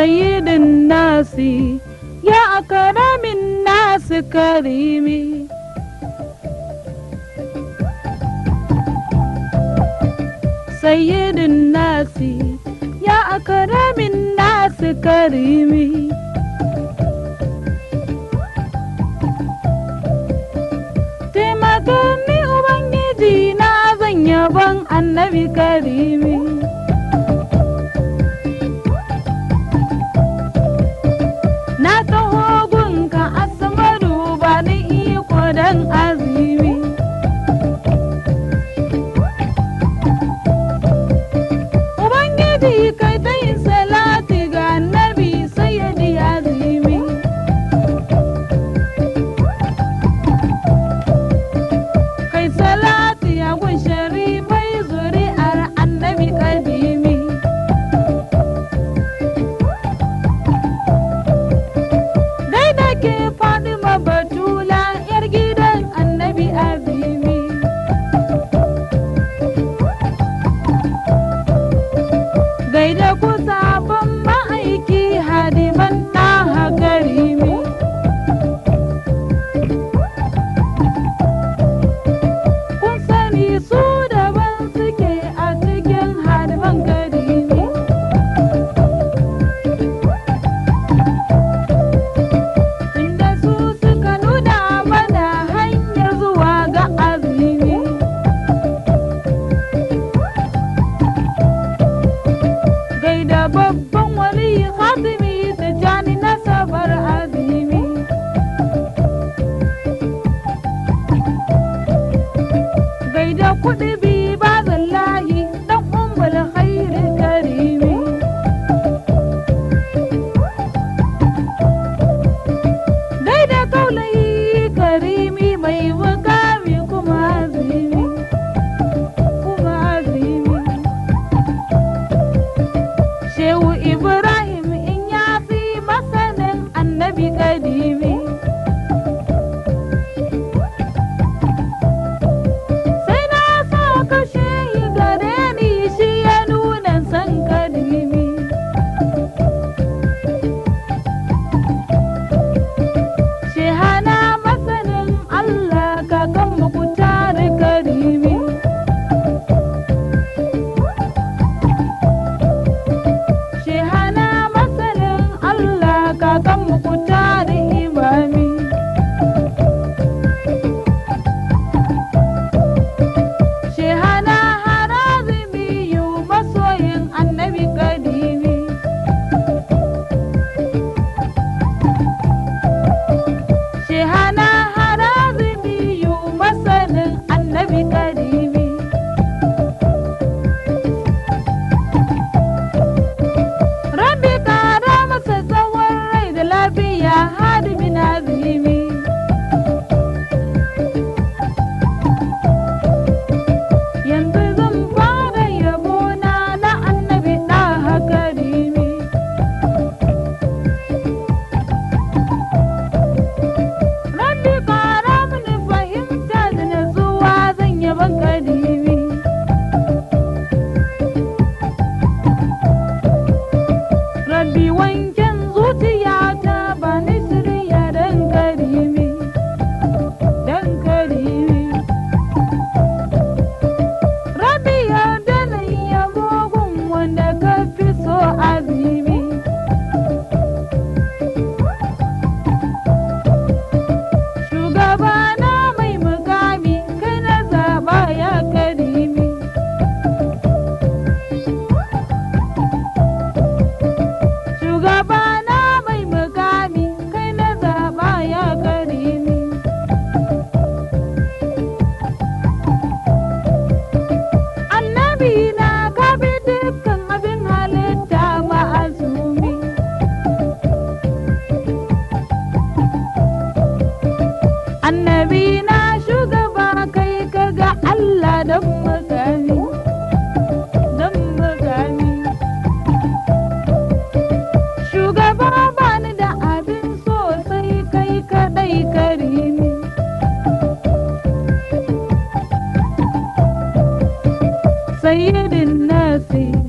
سيد الناس يا أكرم الناس كريمي سيد الناس يا أكرم الناس كريمي تمكني أبنجي دينا زنيبان النبي كريمي 我在。mukutano سيد الناس